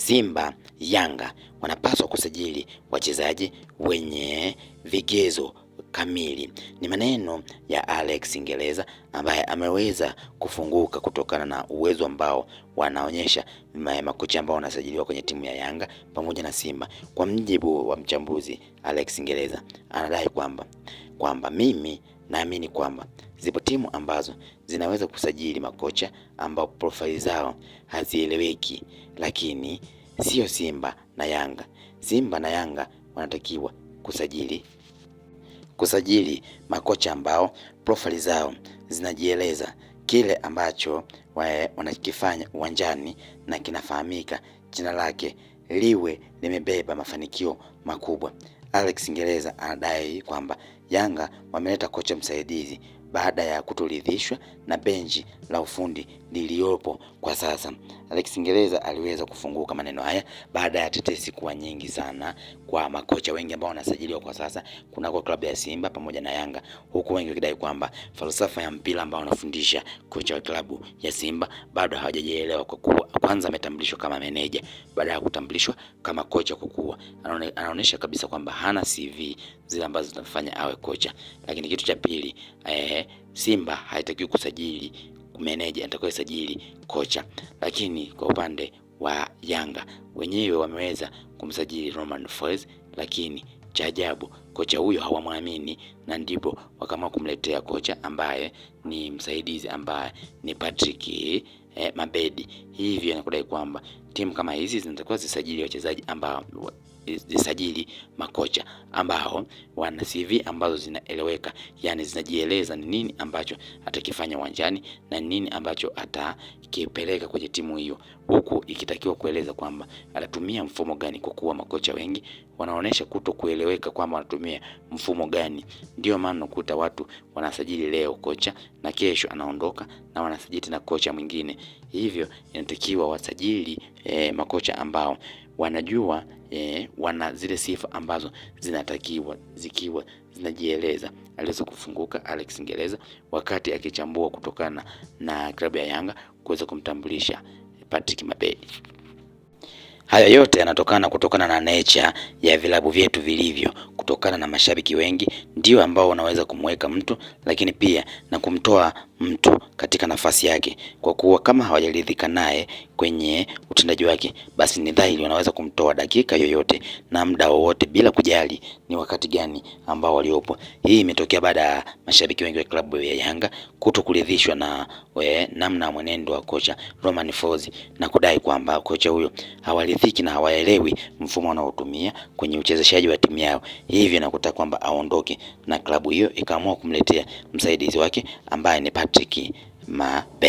Simba, Yanga wanapaswa kusajili wachezaji wenye vigezo kamili. Ni maneno ya Alex Ingereza ambaye ameweza kufunguka kutokana na uwezo ambao wanaonyesha makocha ambao wanasajiliwa kwenye timu ya Yanga pamoja na Simba. Kwa mjibu wa mchambuzi Alex Ingereza, anadai kwamba kwamba mimi Naamini kwamba zipo timu ambazo zinaweza kusajili makocha ambao profaili zao hazieleweki, lakini sio Simba na Yanga. Simba na Yanga wanatakiwa kusajili kusajili makocha ambao profaili zao zinajieleza, kile ambacho wanakifanya uwanjani na kinafahamika, jina lake liwe limebeba mafanikio makubwa. Alex Ngereza anadai kwamba Yanga wameleta kocha msaidizi baada ya kutoridhishwa na benchi la ufundi liliyopo kwa sasa. Alex Ngereza aliweza kufunguka maneno haya baada ya tetesi kuwa nyingi sana kwa makocha wengi ambao wanasajiliwa kwa sasa kunako klabu ya Simba pamoja na Yanga, huku wengi wakidai kwamba falsafa ya mpira ambao anafundisha kocha wa klabu ya Simba bado hawajajielewa, kwa kuwa kwanza ametambulishwa kama meneja baada ya kutambulishwa kama kocha, kwa kuwa anaonyesha kabisa kwamba hana CV zile ambazo zinamfanya awe kocha. Lakini kitu cha pili eh, Simba haitakiwi kusajili meneja, atakiwa sajili kocha, lakini kwa upande wa Yanga wenyewe wameweza kumsajili Romain Folz, lakini cha ajabu kocha huyo hawamwamini na ndipo wakaamua kumletea kocha ambaye ni msaidizi ambaye ni Patrick eh, Mabedi. Hivyo anakudai kwamba timu kama hizi zinatakiwa zisajili wachezaji ambao zisajili makocha ambao wana CV ambazo zinaeleweka, yani zinajieleza ni nini ambacho atakifanya uwanjani na nini ambacho atakipeleka kwenye timu hiyo, huku ikitakiwa kueleza kwamba atatumia mfumo gani, kwa kuwa makocha wengi wanaonesha kuto kueleweka kwamba wanatumia mfumo gani. Ndio maana unakuta watu wanasajili leo kocha na kesho anaondoka na wanasajili tena kocha mwingine. Hivyo inatakiwa wasajili eh, makocha ambao wanajua e, wana zile sifa ambazo zinatakiwa zikiwa zinajieleza. Aliweza kufunguka Alex Ngereza wakati akichambua kutokana na klabu ya Yanga kuweza kumtambulisha Patrick Mabedi. Haya yote yanatokana kutokana na nature ya vilabu vyetu vilivyo, kutokana na mashabiki wengi ndio ambao wanaweza kumweka mtu, lakini pia na kumtoa mtu katika nafasi yake, kwa kuwa kama hawajaridhika naye kwenye utendaji wake, basi ni dhahiri wanaweza kumtoa dakika yoyote na muda wowote bila kujali ni wakati gani ambao waliopo. Hii imetokea baada ya mashabiki wengi wa klabu ya Yanga kuto kuridhishwa na we, namna ya mwenendo wa kocha Romain Folz na kudai kwamba kocha huyo hawaridhiki na hawaelewi mfumo wanaotumia kwenye uchezeshaji wa timu yao, hivyo nakuta kwamba aondoke, na klabu hiyo ikaamua kumletea msaidizi wake ambaye ni my Mabe.